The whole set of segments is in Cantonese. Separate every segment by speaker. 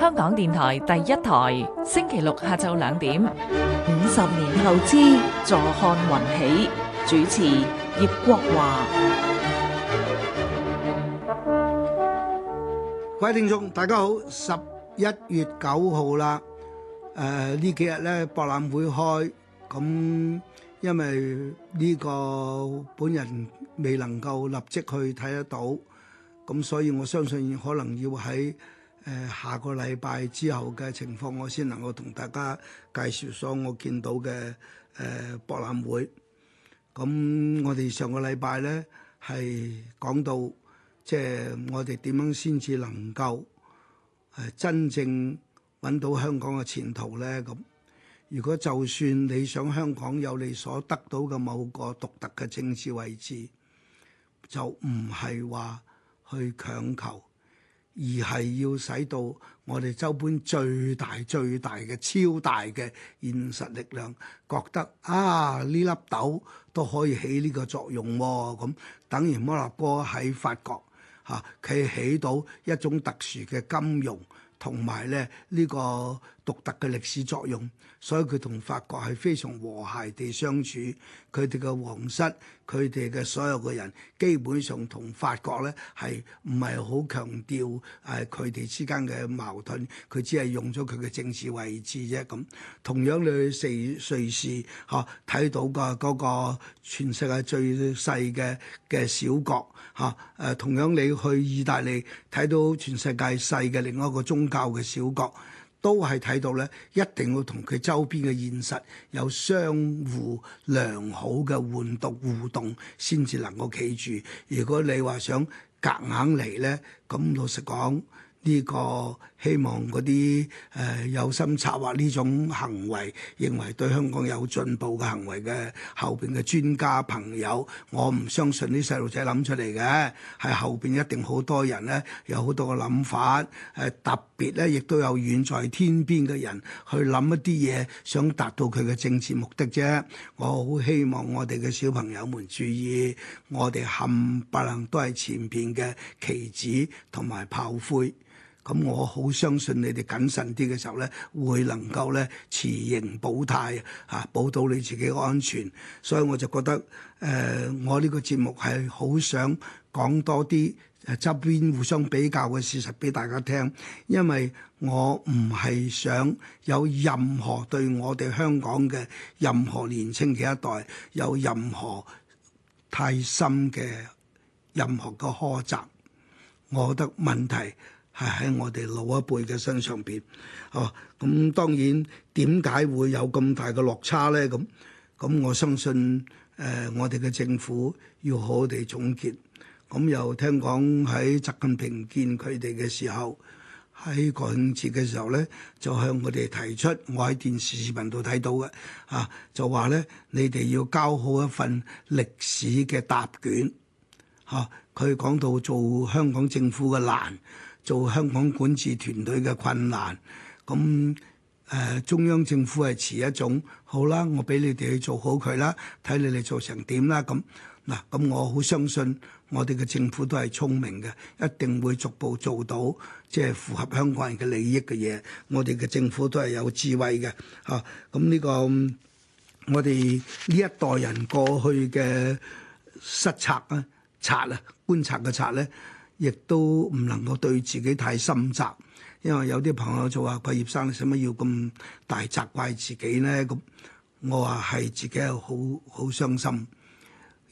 Speaker 1: 香港電台第一台星期六下晝未能夠立即去睇得到，咁所以我相信可能要喺誒下個禮拜之後嘅情況，我先能夠同大家介紹所我見到嘅誒博覽會。咁我哋上個禮拜咧係講到，即係我哋點樣先至能夠誒真正揾到香港嘅前途咧？咁如果就算你想香港有你所得到嘅某個獨特嘅政治位置，就唔係話去強求，而係要使到我哋周邊最大、最大嘅超大嘅現實力量覺得啊，呢粒豆都可以起呢個作用喎、哦。咁等於摩納哥喺法國嚇，佢、啊、起到一種特殊嘅金融同埋咧呢、這個，獨特嘅歷史作用，所以佢同法國係非常和諧地相處。佢哋嘅皇室、佢哋嘅所有嘅人，基本上同法國咧係唔係好強調誒佢哋之間嘅矛盾。佢只係用咗佢嘅政治位置啫。咁同樣你去瑞瑞士嚇睇到嘅嗰個全世界最細嘅嘅小國嚇誒，同樣你去意大利睇到全世界細嘅另外一個宗教嘅小國。都係睇到咧，一定要同佢周邊嘅現實有相互良好嘅換讀互動，先至能夠企住。如果你話想夾硬嚟咧，咁老實講呢、呢個。希望嗰啲誒有心策劃呢種行為，認為對香港有進步嘅行為嘅後邊嘅專家朋友，我唔相信啲細路仔諗出嚟嘅，係後邊一定好多人咧，有好多嘅諗法。誒、呃、特別咧，亦都有遠在天邊嘅人去諗一啲嘢，想達到佢嘅政治目的啫。我好希望我哋嘅小朋友們注意，我哋冚唪唥都係前邊嘅棋子同埋炮灰。咁我好相信你哋謹慎啲嘅時候咧，會能夠咧持盈保泰嚇、啊，保到你自己嘅安全。所以我就覺得，誒、呃，我呢個節目係好想講多啲啊、側邊互相比較嘅事實俾大家聽，因為我唔係想有任何對我哋香港嘅任何年青嘅一代有任何太深嘅任何嘅苛責。我覺得問題，係喺我哋老一輩嘅身上邊哦。咁、啊、當然點解會有咁大嘅落差咧？咁咁我相信誒、呃，我哋嘅政府要好好地總結。咁、啊、又聽講喺習近平見佢哋嘅時候，喺國慶節嘅時候咧，就向我哋提出，我喺電視視頻度睇到嘅啊，就話咧你哋要交好一份歷史嘅答卷嚇。佢、啊、講到做香港政府嘅難。做香港管治團隊嘅困難，咁誒、呃、中央政府係持一種好啦，我俾你哋去做好佢啦，睇你哋做成點啦。咁嗱，咁我好相信我哋嘅政府都係聰明嘅，一定會逐步做到即係、就是、符合香港人嘅利益嘅嘢。我哋嘅政府都係有智慧嘅，嚇、啊。咁呢、這個我哋呢一代人過去嘅失策啊察啊觀察嘅察咧。亦都唔能夠對自己太深責，因為有啲朋友就話：畢業生，使乜要咁大責怪自己呢？咁我話係自己係好好傷心，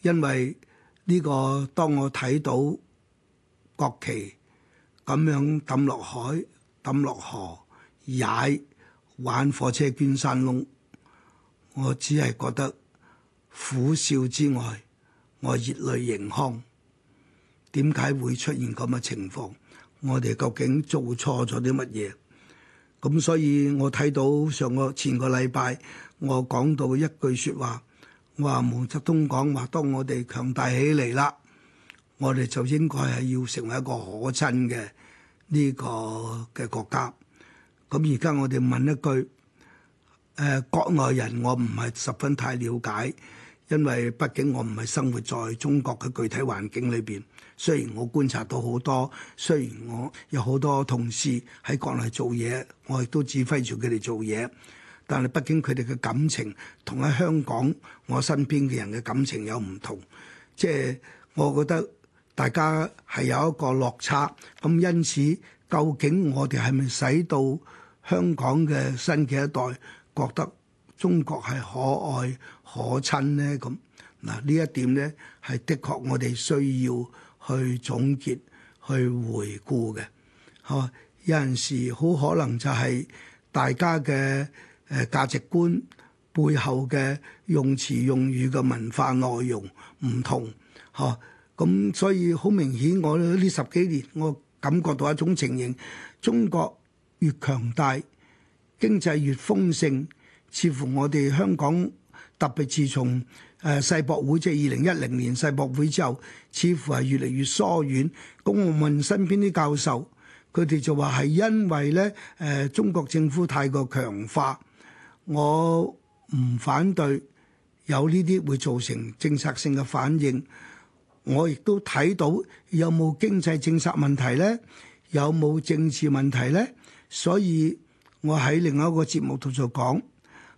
Speaker 1: 因為呢個當我睇到國旗咁樣抌落海、抌落河、踩玩火車、捐山窿，我只係覺得苦笑之外，我熱淚盈眶。點解會出現咁嘅情況？我哋究竟做錯咗啲乜嘢？咁所以，我睇到上個前個禮拜，我講到一句説話，話毛澤東講話：當我哋強大起嚟啦，我哋就應該係要成為一個可親嘅呢個嘅國家。咁而家我哋問一句：誒，國外人，我唔係十分太瞭解，因為畢竟我唔係生活在中國嘅具體環境裏邊。雖然我觀察到好多，雖然我有好多同事喺國內做嘢，我亦都指揮住佢哋做嘢，但係畢竟佢哋嘅感情同喺香港我身邊嘅人嘅感情有唔同，即係我覺得大家係有一個落差。咁因此，究竟我哋係咪使到香港嘅新嘅一代覺得中國係可愛可親呢？咁嗱，呢一點呢，係的確我哋需要。去總結、去回顧嘅，嚇有陣時好可能就係大家嘅誒、呃、價值觀背後嘅用詞用語嘅文化內容唔同，嚇，咁所以好明顯，我呢十幾年我感覺到一種情形：中國越強大，經濟越豐盛，似乎我哋香港。特別自從誒世博會即係二零一零年世博會之後，似乎係越嚟越疏遠。咁我問身邊啲教授，佢哋就話係因為咧誒、呃、中國政府太過強化。我唔反對有呢啲會造成政策性嘅反應。我亦都睇到有冇經濟政策問題咧，有冇政治問題咧，所以我喺另一個節目度就講，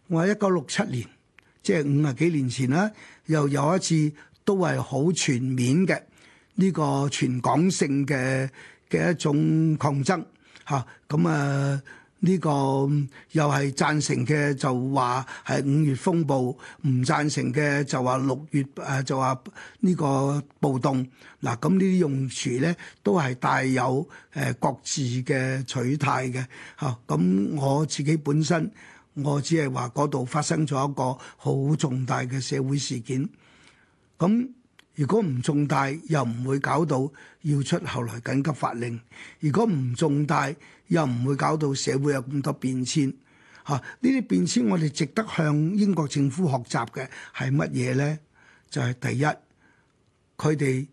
Speaker 1: 我喺一九六七年。即係五十幾年前啦，又有一次都係好全面嘅呢個全港性嘅嘅一種抗爭嚇。咁啊呢個又係贊成嘅就話係五月風暴，唔贊成嘅就話六月誒就話呢個暴動。嗱咁呢啲用詞咧都係帶有誒各自嘅取態嘅嚇。咁我自己本身。我只係話嗰度發生咗一個好重大嘅社會事件。咁如果唔重大，又唔會搞到要出後來緊急法令；如果唔重大，又唔會搞到社會有咁多變遷。嚇、啊，呢啲變遷我哋值得向英國政府學習嘅係乜嘢呢？就係、是、第一，佢哋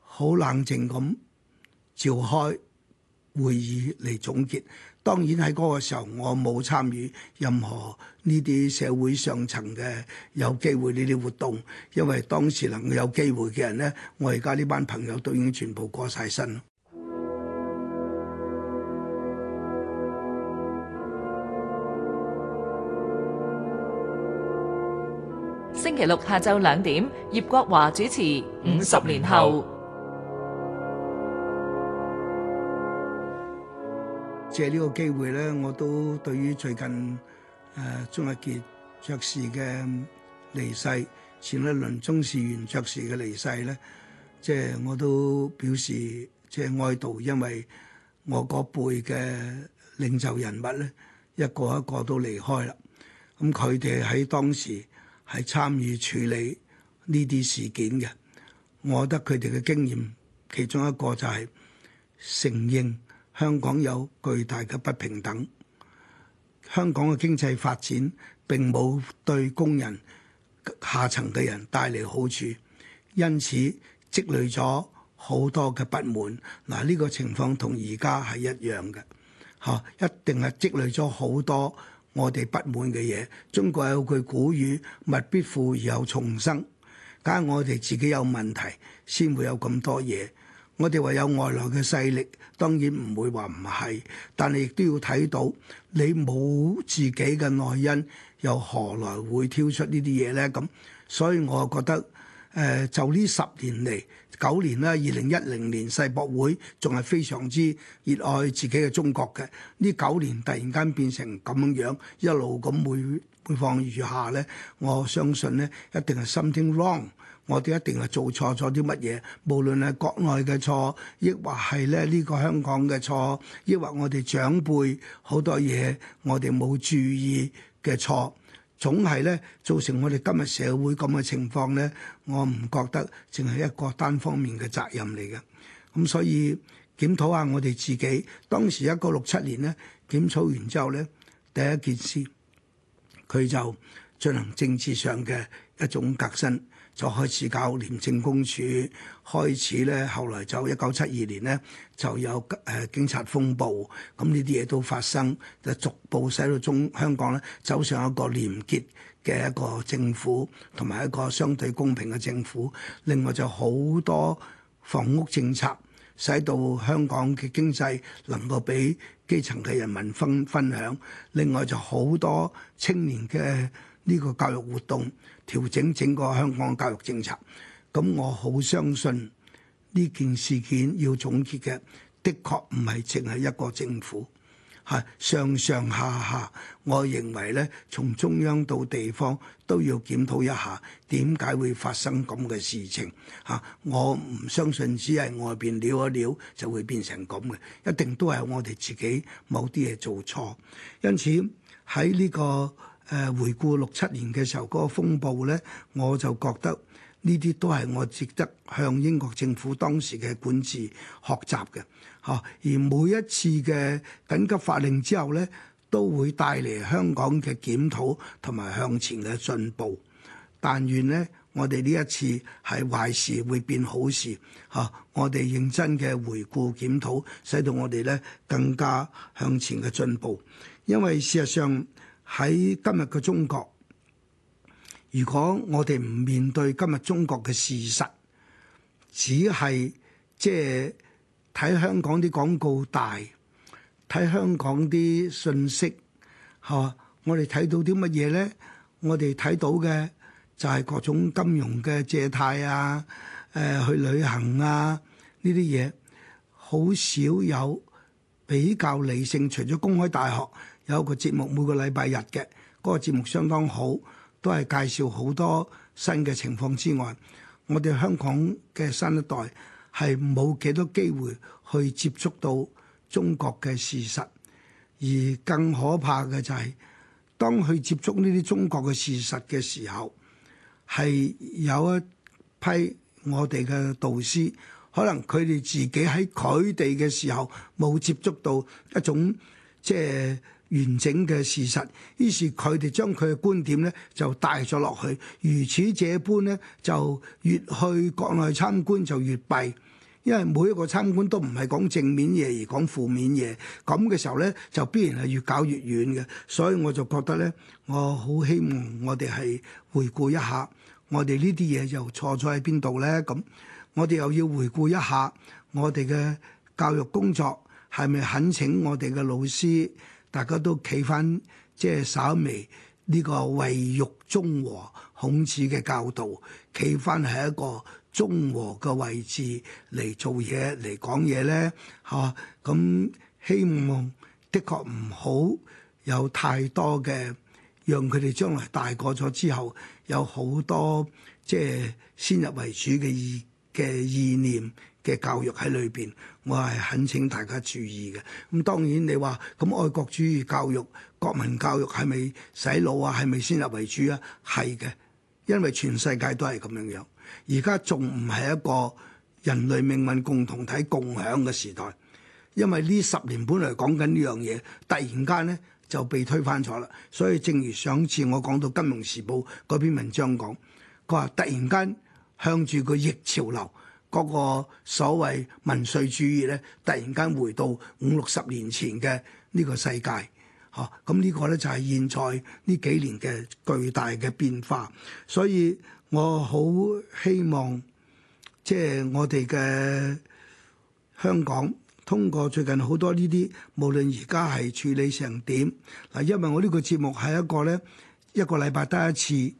Speaker 1: 好冷靜咁召開會議嚟總結。當然喺嗰個時候，我冇參與任何呢啲社會上層嘅有機會呢啲活動，因為當時能夠有機會嘅人呢，我而家呢班朋友都已經全部過曬身。星期六下晝兩點，葉國華主持《五十年後》。借呢個機會咧，我都對於最近誒鍾逸傑爵士嘅離世，前一輪鍾士元爵士嘅離世咧，即係我都表示即係哀悼，因為我嗰輩嘅領袖人物咧，一個一個都離開啦。咁佢哋喺當時係參與處理呢啲事件嘅，我覺得佢哋嘅經驗其中一個就係承認。香港有巨大嘅不平等，香港嘅經濟發展並冇對工人下層嘅人帶嚟好處，因此積累咗好多嘅不滿，嗱，呢、這個情況同而家係一樣嘅，吓一定係積累咗好多我哋不滿嘅嘢。中國有句古語，物必富而有重生，梗係我哋自己有問題先會有咁多嘢。我哋話有外來嘅勢力，當然唔會話唔係，但係亦都要睇到你冇自己嘅內因，又何來會挑出呢啲嘢呢？咁，所以我覺得誒、呃，就呢十年嚟九年啦、啊，二零一零年世博會仲係非常之熱愛自己嘅中國嘅，呢九年突然間變成咁樣，一路咁每況愈下呢。我相信呢，一定係 something wrong。我哋一定係做錯咗啲乜嘢，無論係國內嘅錯，亦或係咧呢個香港嘅錯，亦或我哋長輩好多嘢我哋冇注意嘅錯，總係咧造成我哋今日社會咁嘅情況咧。我唔覺得淨係一個單方面嘅責任嚟嘅。咁所以檢討下我哋自己，當時一九六七年咧，檢討完之後咧，第一件事佢就進行政治上嘅一種革新。就開始搞廉政公署開始咧，後來就一九七二年咧就有誒、呃、警察風暴，咁呢啲嘢都發生，就逐步使到中香港咧走上一個廉潔嘅一個政府，同埋一個相對公平嘅政府。另外就好多房屋政策，使到香港嘅經濟能夠俾基層嘅人民分分享。另外就好多青年嘅呢個教育活動。調整整個香港教育政策，咁我好相信呢件事件要總結嘅，的確唔係淨係一個政府，係、啊、上上下下。我認為呢，從中央到地方都要檢討一下，點解會發生咁嘅事情？嚇、啊，我唔相信只係外邊撩一撩就會變成咁嘅，一定都係我哋自己某啲嘢做錯。因此喺呢、呢個。誒回顧六七年嘅時候，嗰個風暴呢，我就覺得呢啲都係我值得向英國政府當時嘅管治學習嘅，嚇、啊。而每一次嘅緊急法令之後呢，都會帶嚟香港嘅檢討同埋向前嘅進步。但願呢，我哋呢一次係壞事會變好事，嚇、啊！我哋認真嘅回顧檢討，使到我哋呢更加向前嘅進步，因為事實上。喺今日嘅中國，如果我哋唔面對今日中國嘅事實，只係即係睇香港啲廣告大，睇香港啲信息，吓我哋睇到啲乜嘢咧？我哋睇到嘅就係各種金融嘅借貸啊，誒、呃、去旅行啊呢啲嘢，好少有。比較理性，除咗公開大學有一個節目，每個禮拜日嘅嗰個節目相當好，都係介紹好多新嘅情況之外，我哋香港嘅新一代係冇幾多機會去接觸到中國嘅事實，而更可怕嘅就係當去接觸呢啲中國嘅事實嘅時候，係有一批我哋嘅導師。可能佢哋自己喺佢哋嘅時候冇接觸到一種即係完整嘅事實，於是佢哋將佢嘅觀點咧就帶咗落去。如此這般咧，就越去國內參觀就越弊，因為每一個參觀都唔係講正面嘢，而講負面嘢，咁嘅時候咧就必然係越搞越遠嘅。所以我就覺得咧，我好希望我哋係回顧一下我哋呢啲嘢又錯咗喺邊度咧咁。我哋又要回顧一下我哋嘅教育工作，係咪懇請我哋嘅老師，大家都企翻，即係稍微呢個為欲中和孔子嘅教導，企翻係一個中和嘅位置嚟做嘢嚟講嘢咧，吓、啊，咁希望的確唔好有太多嘅，讓佢哋將來大個咗之後有好多即係先入為主嘅意。嘅意念嘅教育喺裏邊，我係懇請大家注意嘅。咁當然你話，咁愛國主義教育、國民教育係咪洗腦啊？係咪先入為主啊？係嘅，因為全世界都係咁樣樣，而家仲唔係一個人類命運共同體共享嘅時代？因為呢十年本嚟講緊呢樣嘢，突然間咧就被推翻咗啦。所以正如上次我講到《金融時報》嗰篇文章講，佢話突然間。向住個逆潮流，嗰個所謂民粹主義咧，突然間回到五六十年前嘅呢個世界，嚇！咁呢個咧就係現在呢幾年嘅巨大嘅變化。所以我好希望，即係我哋嘅香港通過最近好多呢啲，無論而家係處理成點嗱，因為我呢個節目係一個咧一個禮拜得一次，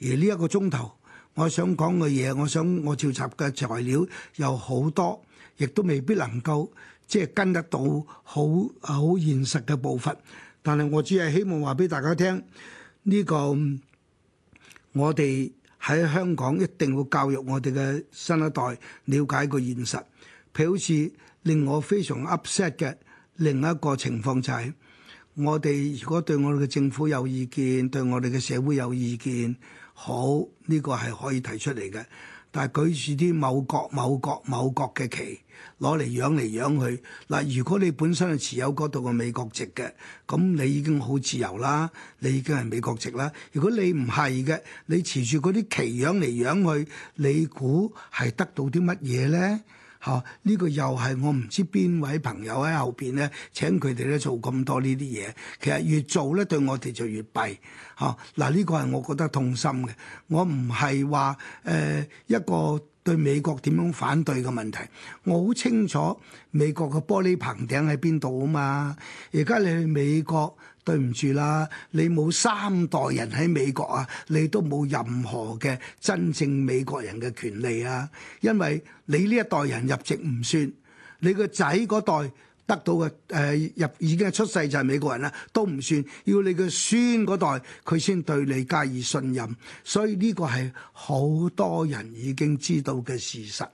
Speaker 1: 而呢一個鐘頭。我想講嘅嘢，我想我調集嘅材料有好多，亦都未必能夠即係跟得到好好現實嘅步伐。但係我只係希望話俾大家聽，呢個我哋喺香港一定會教育我哋嘅新一代了解個現實。譬如好似令我非常 upset 嘅另一個情況就係，我哋如果對我哋嘅政府有意見，對我哋嘅社會有意見。好，呢個係可以提出嚟嘅，但係舉住啲某國某國某國嘅旗攞嚟養嚟養去。嗱，如果你本身係持有嗰度嘅美國籍嘅，咁你已經好自由啦，你已經係美國籍啦。如果你唔係嘅，你持住嗰啲旗養嚟養去，你估係得到啲乜嘢咧？嚇！呢個又係我唔知邊位朋友喺後邊咧，請佢哋咧做咁多呢啲嘢，其實越做咧對我哋就越弊嚇。嗱，呢個係我覺得痛心嘅。我唔係話誒一個。對美國點樣反對嘅問題，我好清楚美國嘅玻璃棚頂喺邊度啊嘛！而家你去美國，對唔住啦，你冇三代人喺美國啊，你都冇任何嘅真正美國人嘅權利啊，因為你呢一代人入籍唔算，你個仔嗰代。得到嘅誒、呃、入已經係出世就係美國人啦，都唔算，要你嘅孫嗰代佢先對你加以信任，所以呢個係好多人已經知道嘅事實，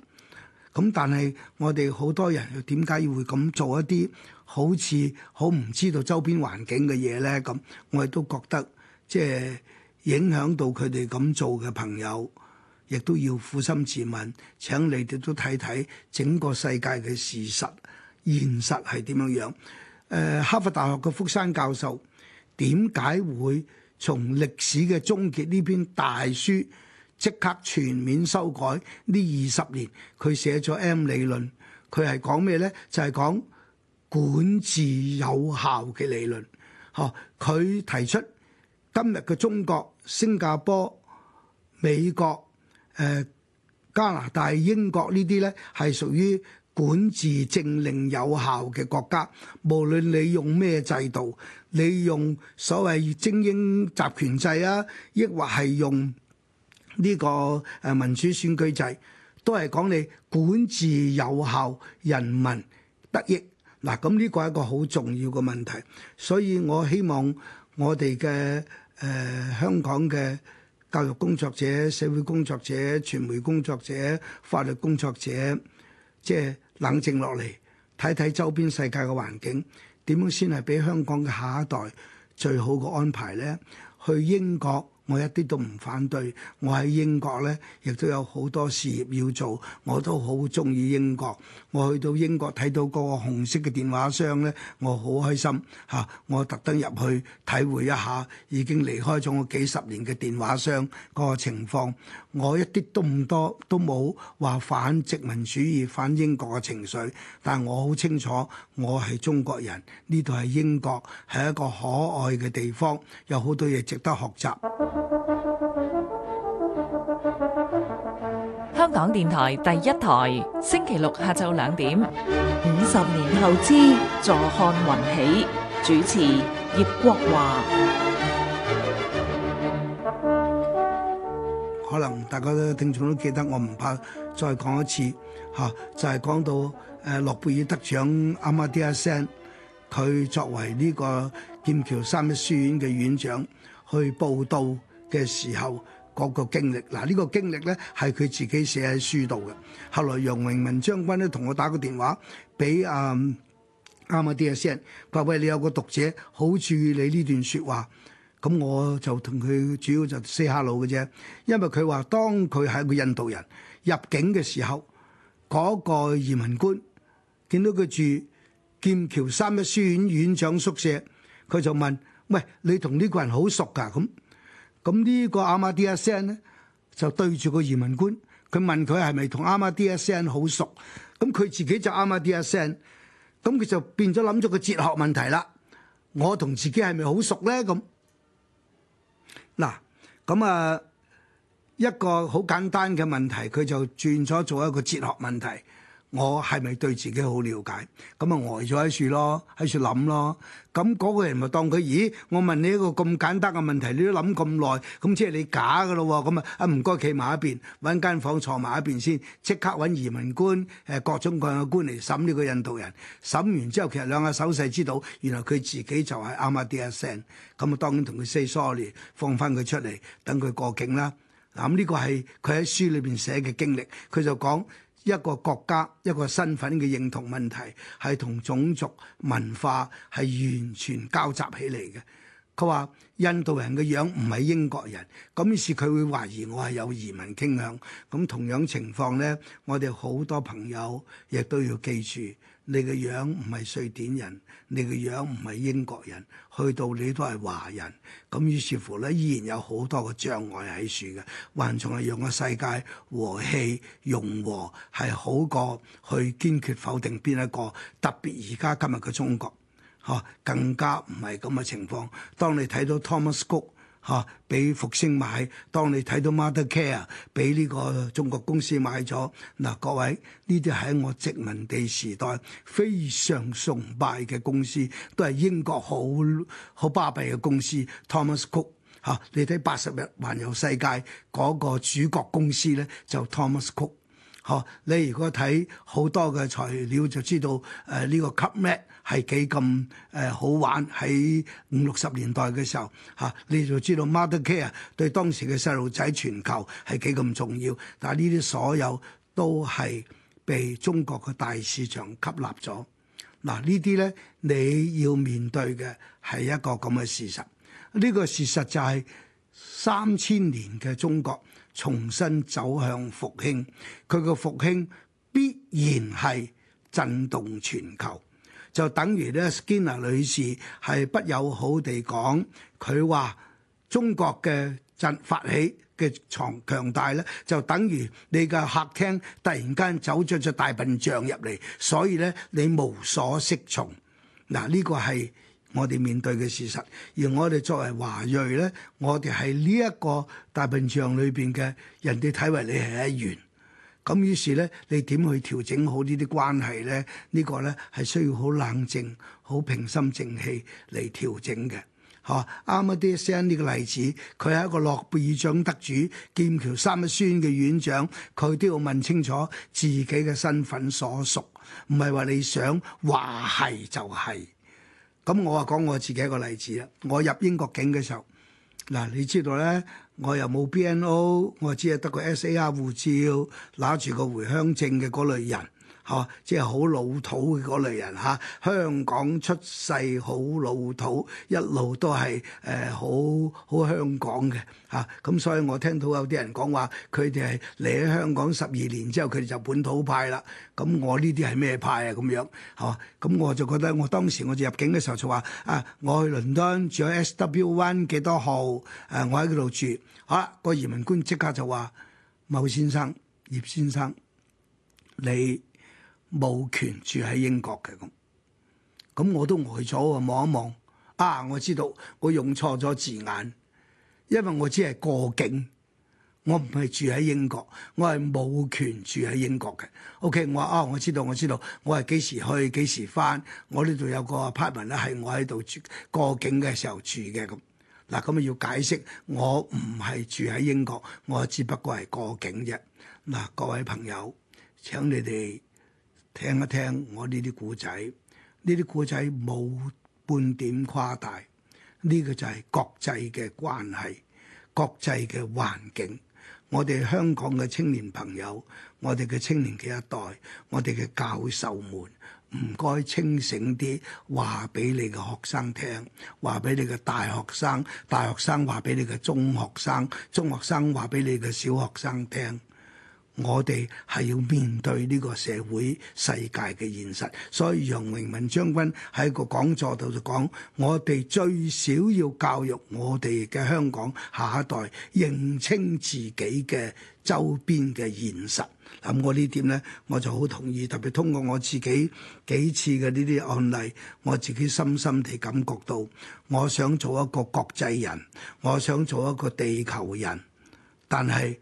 Speaker 1: 咁但係我哋好多人又點解要會咁做一啲好似好唔知道周邊環境嘅嘢咧？咁我亦都覺得即係影響到佢哋咁做嘅朋友，亦都要撫心自問，請你哋都睇睇整個世界嘅事實。現實係點樣樣？誒，哈佛大學嘅福山教授點解會從歷史嘅終結呢篇大書即刻全面修改呢二十年？佢寫咗 M 理論，佢係講咩呢？就係講管治有效嘅理論。嚇，佢提出今日嘅中國、新加坡、美國、誒加拿大、英國呢啲呢係屬於，管治政令有效嘅國家，無論你用咩制度，你用所謂精英集權制啊，抑或係用呢個誒民主選舉制，都係講你管治有效，人民得益。嗱，咁呢個係一個好重要嘅問題，所以我希望我哋嘅誒香港嘅教育工作者、社會工作者、傳媒工作者、法律工作者，即係。冷靜落嚟，睇睇周邊世界嘅環境，點樣先係俾香港嘅下一代最好嘅安排呢？去英國，我一啲都唔反對。我喺英國呢亦都有好多事業要做，我都好中意英國。我去到英國睇到嗰個紅色嘅電話箱呢，我好開心嚇！我特登入去體會一下已經離開咗我幾十年嘅電話箱嗰個情況。我一啲都唔多，都冇話反殖民主義、反英國嘅情緒。但我好清楚，我係中國人，呢度係英國，係一個可愛嘅地方，有好多嘢值得學習。港電台第一台，星期六下晝兩點，五十年後之坐看雲起，主持葉國華。可能大家都聽眾都記得我，我唔怕再講一次吓、啊，就係、是、講到誒，諾、呃、貝爾得獎阿馬蒂亞森，佢作為呢個劍橋三一書院嘅院長去報道嘅時候。嗰個經歷，嗱呢個經歷咧係佢自己寫喺書度嘅。後來楊榮文將軍咧同我打個電話，俾啊啊某啲阿 Sir，話喂，你有個讀者好注意你呢段説話，咁我就同佢主要就 say hello 嘅啫，因為佢話當佢係一個印度人入境嘅時候，嗰個移民官見到佢住劍橋三一書院院長宿舍，佢就問：喂，你同呢個人好熟㗎？咁咁呢個 Amartya Sen 咧，就對住個移民官，佢問佢係咪同 Amartya Sen 好熟，咁佢自己就 Amartya Sen，咁佢就變咗諗咗個哲學問題啦，我同自己係咪好熟咧？咁嗱，咁啊一個好簡單嘅問題，佢就轉咗做一個哲學問題。我係咪對自己好了解？咁啊呆咗喺處咯，喺處諗咯。咁嗰個人咪當佢？咦！我問你一個咁簡單嘅問題，你都諗咁耐，咁即係你假噶咯？咁啊啊唔該，企埋一邊，揾間房坐埋一邊先，即刻揾移民官誒各種各樣嘅官嚟審呢個印度人。審完之後，其實兩個手勢知道，原來佢自己就係阿馬蒂亞森。咁啊，當然同佢 say sorry，放翻佢出嚟，等佢過境啦。嗱呢個係佢喺書裏邊寫嘅經歷，佢就講。一個國家，一個身份嘅認同問題係同種族文化係完全交集起嚟嘅。佢話印度人嘅樣唔係英國人，咁於是佢會懷疑我係有移民傾向。咁同樣情況呢，我哋好多朋友亦都要記住。你個樣唔係瑞典人，你個樣唔係英國人，去到你都係華人，咁於是乎呢，依然有好多個障礙喺處嘅，還仲係讓個世界和氣融和係好過去堅決否定邊一個，特別而家今日嘅中國，嚇更加唔係咁嘅情況。當你睇到 Thomas 嚇，俾、啊、復星買。當你睇到 Mothercare 俾呢個中國公司買咗，嗱、啊、各位，呢啲喺我殖民地時代非常崇拜嘅公司，都係英國好好巴閉嘅公司 Thomas Cook、啊。嚇，你睇八十日環遊世界嗰、那個主角公司咧，就 Thomas Cook。你如果睇好多嘅材料，就知道誒呢、呃這個 c 咩係幾咁誒好玩，喺五六十年代嘅時候，嚇、啊、你就知道 Mothercare 對當時嘅細路仔全球係幾咁重要。但係呢啲所有都係被中國嘅大市場吸納咗。嗱，呢啲咧，你要面對嘅係一個咁嘅事實，呢、這個事實就係三千年嘅中國。重新走向復興，佢個復興必然係震動全球，就等於咧，斯金納女士係不友好地講，佢話中國嘅振發起嘅強強大咧，就等於你嘅客廳突然間走出隻大笨象入嚟，所以咧你無所適從。嗱，呢個係。我哋面對嘅事實，而我哋作為華裔呢，我哋係呢一個大笨象裏邊嘅人，哋睇為你係一員。咁於是呢，你點去調整好呢啲關係呢？呢、呢個呢，係需要好冷靜、好平心靜氣嚟調整嘅。嚇，啱一啲先呢個例子，佢係一個諾貝爾獎得主、劍橋三一孫嘅院長，佢都要問清楚自己嘅身份所屬，唔係話你想話係就係，是。咁我啊講我自己一個例子啦，我入英國境嘅時候，嗱，你知道咧，我又冇 BNO，我只係得個 SAR 護照，攞住個回鄉證嘅嗰類人。嚇，即係好老土嗰類人嚇。香港出世，好老土，一路都係誒好好香港嘅嚇。咁、嗯、所以我聽到有啲人講話，佢哋係嚟喺香港十二年之後，佢哋就本土派啦。咁、嗯、我呢啲係咩派啊？咁樣嚇，咁、嗯、我就覺得我當時我就入境嘅時候就話啊，我去倫敦住喺 S.W. One 幾多號誒、呃，我喺嗰度住好啦。啊個移民官即刻就話：某先生、葉先生，你。冇權住喺英國嘅咁，咁我都呆咗喎，望一望啊，我知道我用錯咗字眼，因為我只係過境，我唔係住喺英國，我係冇權住喺英國嘅。OK，我啊，我知道，我知道，我係幾時去幾時翻，我呢度有個 apartment 係我喺度住過境嘅時候住嘅咁。嗱，咁啊要解釋我唔係住喺英國，我只不過係過境啫。嗱，啊，各位朋友，請你哋。聽一聽我呢啲故仔，呢啲故仔冇半點誇大，呢個就係國際嘅關係、國際嘅環境。我哋香港嘅青年朋友，我哋嘅青年嘅一代，我哋嘅教授們，唔該清醒啲話俾你嘅學生聽，話俾你嘅大學生，大學生話俾你嘅中學生，中學生話俾你嘅小學生聽。我哋係要面對呢個社會世界嘅現實，所以楊榮文將軍喺個講座度就講：我哋最少要教育我哋嘅香港下一代，認清自己嘅周邊嘅現實。噉，我呢點呢，我就好同意。特別通過我自己幾次嘅呢啲案例，我自己深深地感覺到，我想做一個國際人，我想做一個地球人，但係，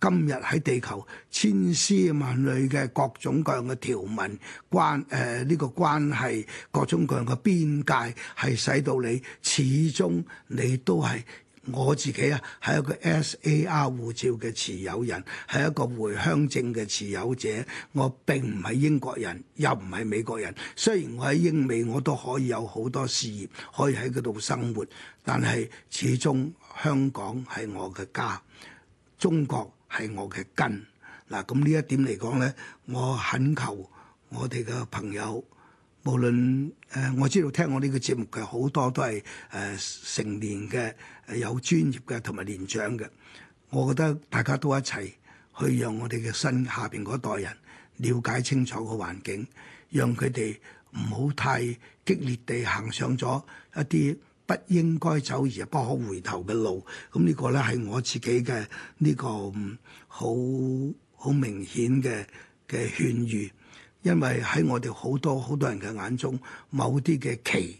Speaker 1: 今日喺地球千絲萬縷嘅各種各樣嘅條文關誒呢、呃這個關係各種各樣嘅邊界，係使到你始終你都係我自己啊！係一個 SAR 護照嘅持有人，係一個回鄉證嘅持有者。我並唔係英國人，又唔係美國人。雖然我喺英美，我都可以有好多事業可以喺嗰度生活，但係始終香港係我嘅家，中國。係我嘅根。嗱，咁呢一點嚟講咧，我懇求我哋嘅朋友，無論誒，我知道聽我呢個節目嘅好多都係誒成年嘅，有專業嘅同埋年長嘅，我覺得大家都一齊去讓我哋嘅新下邊嗰代人了解清楚個環境，讓佢哋唔好太激烈地行上咗一啲不應該走而不可回頭嘅路，咁呢個呢，係我自己嘅呢個好好明顯嘅嘅勸喻，因為喺我哋好多好多人嘅眼中，某啲嘅旗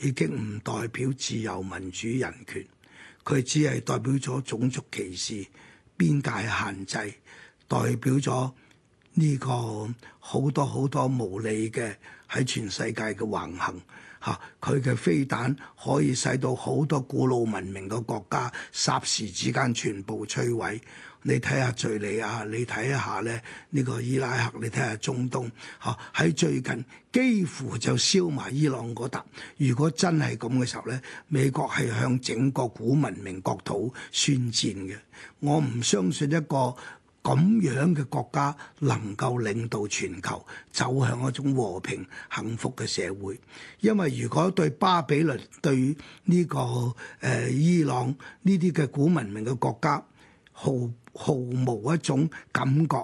Speaker 1: 已經唔代表自由民主人權，佢只係代表咗種族歧視、邊界限制，代表咗呢個好多好多無理嘅喺全世界嘅橫行。嚇，佢嘅飛彈可以使到好多古老文明嘅國家霎時之間全部摧毀。你睇下敍利亞，你睇一下咧，呢個伊拉克，你睇下中東，嚇喺最近幾乎就燒埋伊朗嗰笪。如果真係咁嘅時候咧，美國係向整個古文明國土宣戰嘅。我唔相信一個咁樣嘅國家能夠領導全球走向一種和平幸福嘅社會，因為如果對巴比倫、對呢、這個誒、呃、伊朗呢啲嘅古文明嘅國家毫毫無一種感覺。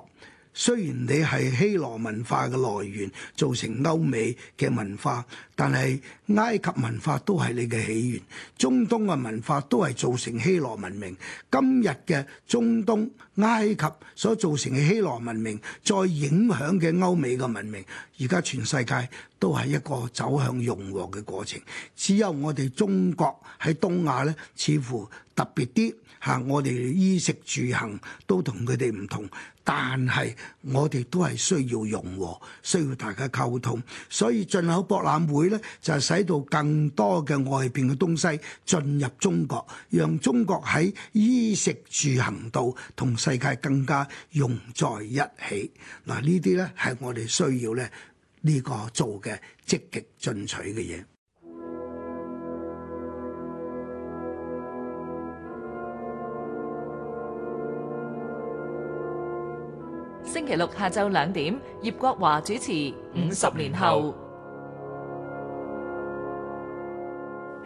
Speaker 1: 雖然你係希羅文化嘅來源，造成歐美嘅文化，但係埃及文化都係你嘅起源，中東嘅文化都係造成希羅文明。今日嘅中東埃及所造成嘅希羅文明，再影響嘅歐美嘅文明，而家全世界都係一個走向融合嘅過程。只有我哋中國喺東亞呢，似乎特別啲。啊！我哋衣食住行都同佢哋唔同，但係我哋都係需要融合，需要大家溝通。所以進口博覽會咧，就使到更多嘅外邊嘅東西進入中國，讓中國喺衣食住行度同世界更加融在一起。嗱、啊，呢啲咧係我哋需要咧呢、呢個做嘅積極進取嘅嘢。星期六下晝兩點，葉國華主持《五十年後》。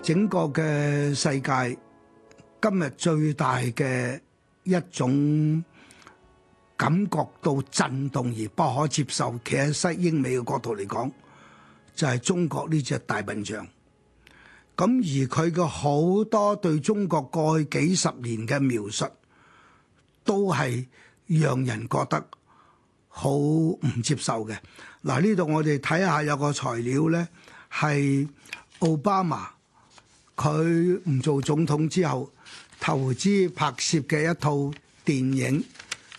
Speaker 1: 整個嘅世界今日最大嘅一種感覺到震動而不可接受，企喺西英美嘅角度嚟講，就係中國呢隻大笨象。咁而佢嘅好多對中國過去幾十年嘅描述，都係讓人覺得。好唔接受嘅。嗱，呢度我哋睇下有個材料咧，係奧巴馬佢唔做總統之後投資拍攝嘅一套電影。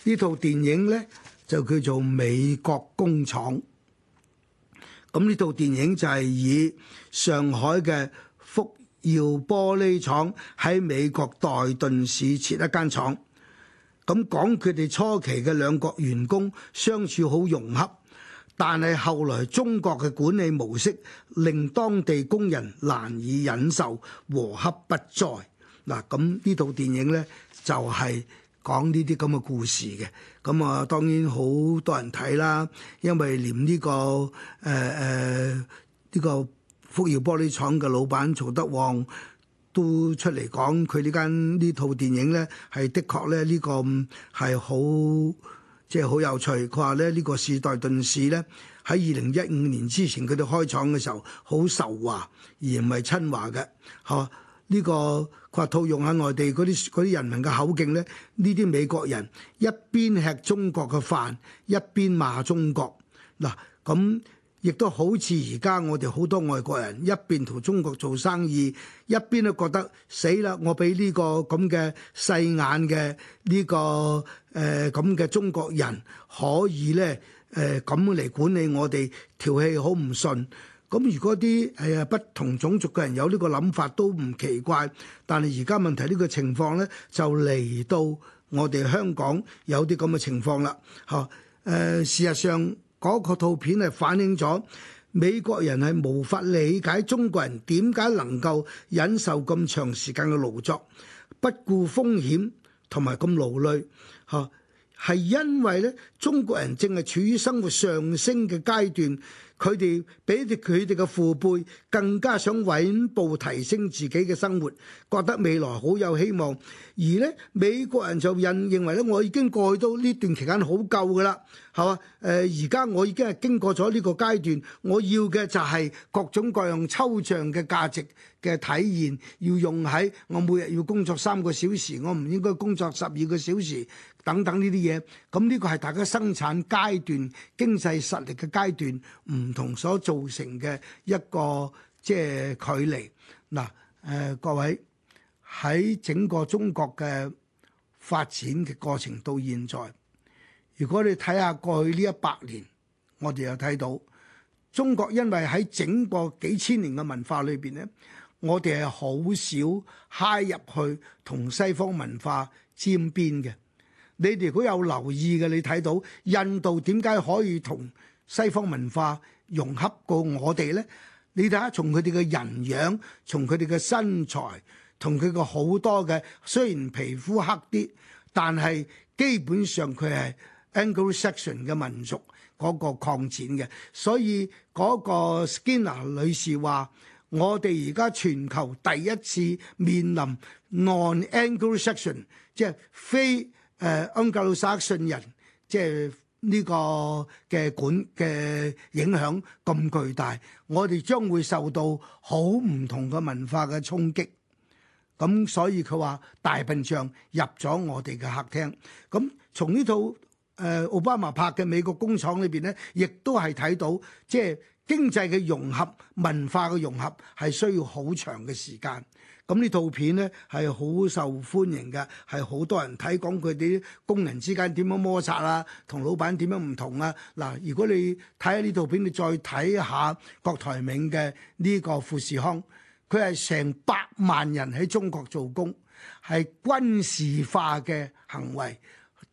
Speaker 1: 呢套電影咧就叫做《美國工廠》。咁呢套電影就係以上海嘅福耀玻璃廠喺美國代頓市設一間廠。咁講佢哋初期嘅兩國員工相處好融洽，但係後來中國嘅管理模式令當地工人難以忍受，和洽不再。嗱，咁呢套電影呢，就係講呢啲咁嘅故事嘅。咁啊，當然好多人睇啦，因為連呢個誒誒呢個福耀玻璃廠嘅老闆曹德旺，都出嚟講佢呢間呢套電影呢，係的確咧呢個係好即係好有趣。佢話咧呢、呢個時代頓市呢，喺二零一五年之前佢哋開廠嘅時候好仇華而唔係親華嘅。嚇、啊、呢、呢個佢話套用喺外地嗰啲啲人民嘅口徑呢，呢啲美國人一邊吃中國嘅飯一邊罵中國，嗱咁。啊亦都好似而家我哋好多外國人一邊同中國做生意，一邊都覺得死啦！我俾呢個咁嘅細眼嘅呢個誒咁嘅中國人可以呢誒咁嚟管理我哋，條氣好唔順。咁如果啲誒不同種族嘅人有呢個諗法都唔奇怪，但係而家問題呢個情況呢，就嚟到我哋香港有啲咁嘅情況啦。嚇誒、呃、事實上。嗰個套片係反映咗美國人係無法理解中國人點解能夠忍受咁長時間嘅勞作，不顧風險同埋咁勞累，嚇係、啊、因為咧，中國人正係處於生活上升嘅階段，佢哋比佢哋嘅父輩更加想穩步提升自己嘅生活，覺得未來好有希望。而呢，美國人就認認為咧，我已經過去到呢段期間好夠㗎啦。係而家我已經係經過咗呢個階段，我要嘅就係各種各樣抽象嘅價值嘅體現，要用喺我每日要工作三個小時，我唔應該工作十二個小時等等呢啲嘢。咁呢個係大家生產階段、經濟實力嘅階段唔同所造成嘅一個即係距離。嗱，誒、呃、各位喺整個中國嘅發展嘅過程到現在。如果你睇下過去呢一百年，我哋又睇到中國因為喺整個幾千年嘅文化裏邊咧，我哋係好少揩入去同西方文化沾邊嘅。你哋如果有留意嘅，你睇到印度點解可以同西方文化融合過我哋呢？你睇下從佢哋嘅人樣，從佢哋嘅身材，同佢嘅好多嘅，雖然皮膚黑啲，但係基本上佢係。Anglo-Saxon 嘅民族嗰、那個擴展嘅，所以嗰、那個 Skinner 女士話：我哋而家全球第一次面臨 non-Anglo-Saxon，即係非誒、呃、Anglo-Saxon 人，即係呢個嘅管嘅影響咁巨大。我哋將會受到好唔同嘅文化嘅衝擊。咁所以佢話大笨象入咗我哋嘅客廳。咁從呢度。誒奧巴馬拍嘅美國工廠裏邊咧，亦都係睇到即係經濟嘅融合、文化嘅融合係需要好長嘅時間。咁呢套片咧係好受歡迎嘅，係好多人睇講佢哋啲工人之間點樣摩擦啊，同老闆點樣唔同啊！嗱，如果你睇下呢套片，你再睇下郭台銘嘅呢個富士康，佢係成百萬人喺中國做工，係軍事化嘅行為。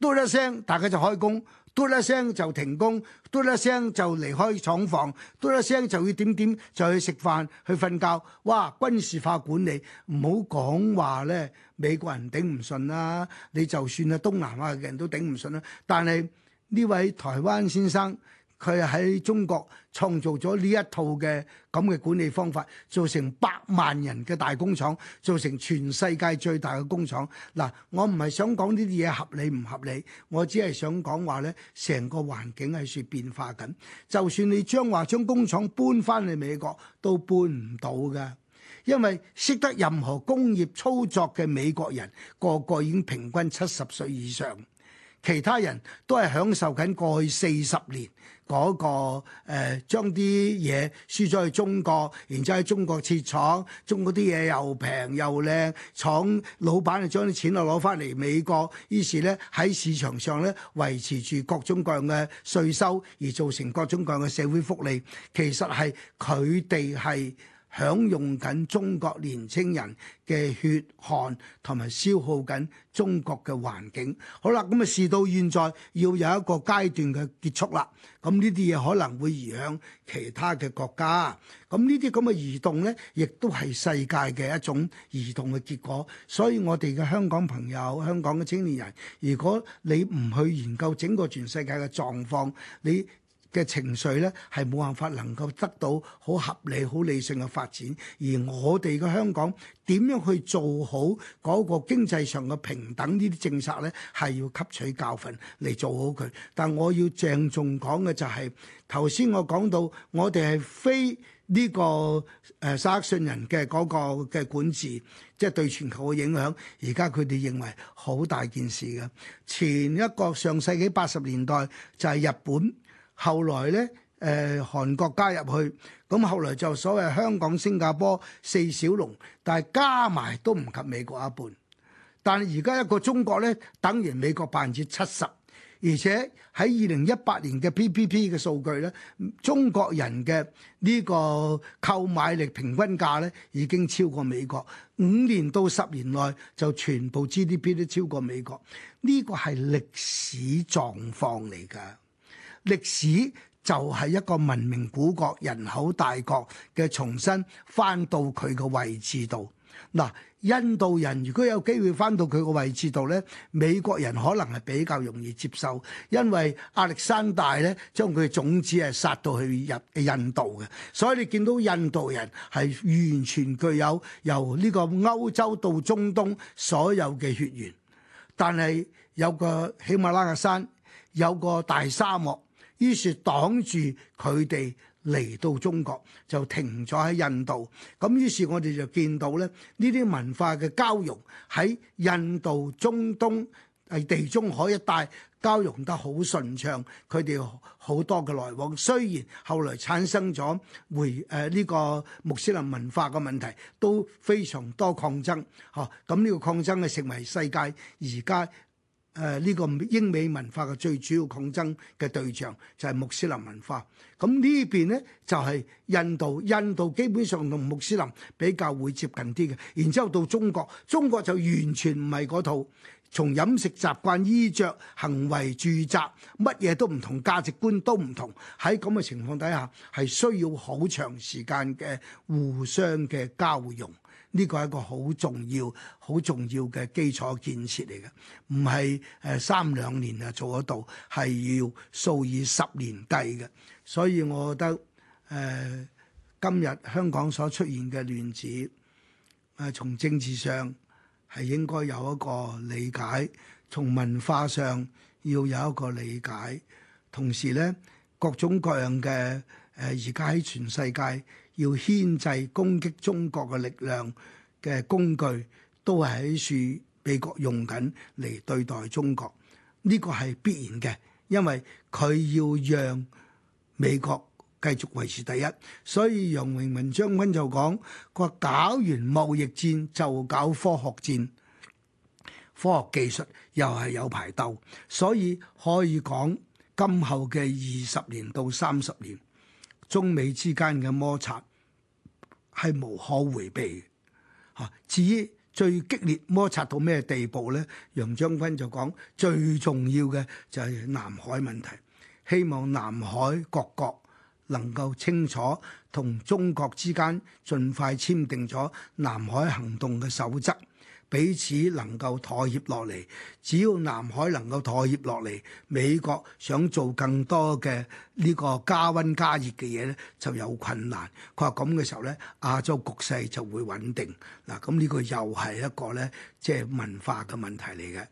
Speaker 1: 嘟一聲，大家就開工；嘟一聲就停工；嘟一聲就離開廠房；嘟一聲就要點點就去食飯、去瞓覺。哇！軍事化管理，唔好講話咧，美國人頂唔順啦，你就算係東南亞嘅人都頂唔順啦。但係呢位台灣先生。佢喺中國創造咗呢一套嘅咁嘅管理方法，做成百萬人嘅大工廠，做成全世界最大嘅工廠。嗱，我唔係想講呢啲嘢合理唔合理，我只係想講話呢成個環境係説變化緊。就算你將話將工廠搬返去美國，都搬唔到㗎，因為識得任何工業操作嘅美國人，個個已經平均七十歲以上。其他人都係享受緊過去四十年嗰、那個誒、呃，將啲嘢輸咗去中國，然之後喺中國設廠，中國啲嘢又平又靚，廠老闆就將啲錢又攞翻嚟美國，於是呢喺市場上呢維持住各種各樣嘅稅收，而造成各種各樣嘅社會福利。其實係佢哋係享用緊中國年青人嘅血汗，同埋消耗緊中國嘅環境。好啦，咁、嗯、啊事到現在要有一個階段嘅結束啦。咁呢啲嘢可能會移向其他嘅國家。咁呢啲咁嘅移動呢，亦都係世界嘅一種移動嘅結果。所以我哋嘅香港朋友、香港嘅青年人，如果你唔去研究整個全世界嘅狀況，你嘅情緒呢，係冇辦法能夠得到好合理、好理性嘅發展。而我哋嘅香港點樣去做好嗰個經濟上嘅平等呢啲政策呢，係要吸取教訓嚟做好佢。但我要鄭重講嘅就係頭先我講到我哋係非呢個誒沙克遜人嘅嗰個嘅管治，即係對全球嘅影響，而家佢哋認為好大件事嘅前一個上世紀八十年代就係日本。後來咧，誒、呃、韓國加入去，咁後來就所謂香港、新加坡四小龍，但係加埋都唔及美國一半。但係而家一個中國咧，等於美國百分之七十，而且喺二零一八年嘅 PPP 嘅數據咧，中國人嘅呢個購買力平均價咧已經超過美國，五年到十年內就全部 GDP 都超過美國，呢個係歷史狀況嚟㗎。歷史就係一個文明古國、人口大國嘅重新翻到佢個位置度。嗱，印度人如果有機會翻到佢個位置度呢，美國人可能係比較容易接受，因為亞歷山大咧將佢種子係殺到去入印度嘅，所以你見到印度人係完全具有由呢個歐洲到中東所有嘅血緣，但係有個喜馬拉雅山，有個大沙漠。於是擋住佢哋嚟到中國，就停咗喺印度。咁於是，我哋就見到咧，呢啲文化嘅交融喺印度、中東、係地中海一帶交融得好順暢。佢哋好多嘅來往，雖然後來產生咗回誒呢個穆斯林文化嘅問題，都非常多抗爭。嗬，咁呢個抗爭係成為世界而家。誒呢個英美文化嘅最主要抗爭嘅對象就係穆斯林文化。咁呢邊呢，就係印度，印度基本上同穆斯林比較會接近啲嘅。然之後到中國，中國就完全唔係嗰套，從飲食習慣、衣着、行為、住宅，乜嘢都唔同，價值觀都唔同。喺咁嘅情況底下，係需要好長時間嘅互相嘅交融。呢個係一個好重要、好重要嘅基礎建設嚟嘅，唔係誒三兩年啊做得到，係要數以十年計嘅。所以我覺得誒、呃、今日香港所出現嘅亂子，誒、呃、從政治上係應該有一個理解，從文化上要有一個理解，同時咧各種各樣嘅誒而家喺全世界。要牽制攻擊中國嘅力量嘅工具，都係喺處美國用緊嚟對待中國。呢個係必然嘅，因為佢要讓美國繼續維持第一。所以楊榮文將軍就講：佢話搞完貿易戰就搞科學戰，科學技術又係有排鬥。所以可以講，今後嘅二十年到三十年，中美之間嘅摩擦。係無可回避嘅，哈！至於最激烈摩擦到咩地步咧？楊將軍就講，最重要嘅就係南海問題，希望南海各國能夠清楚同中國之間盡快簽訂咗南海行動嘅守則。彼此能夠妥協落嚟，只要南海能夠妥協落嚟，美國想做更多嘅呢個加溫加熱嘅嘢咧，就有困難。佢話咁嘅時候咧，亞洲局勢就會穩定。嗱，咁呢個又係一個咧，即係文化嘅問題嚟嘅。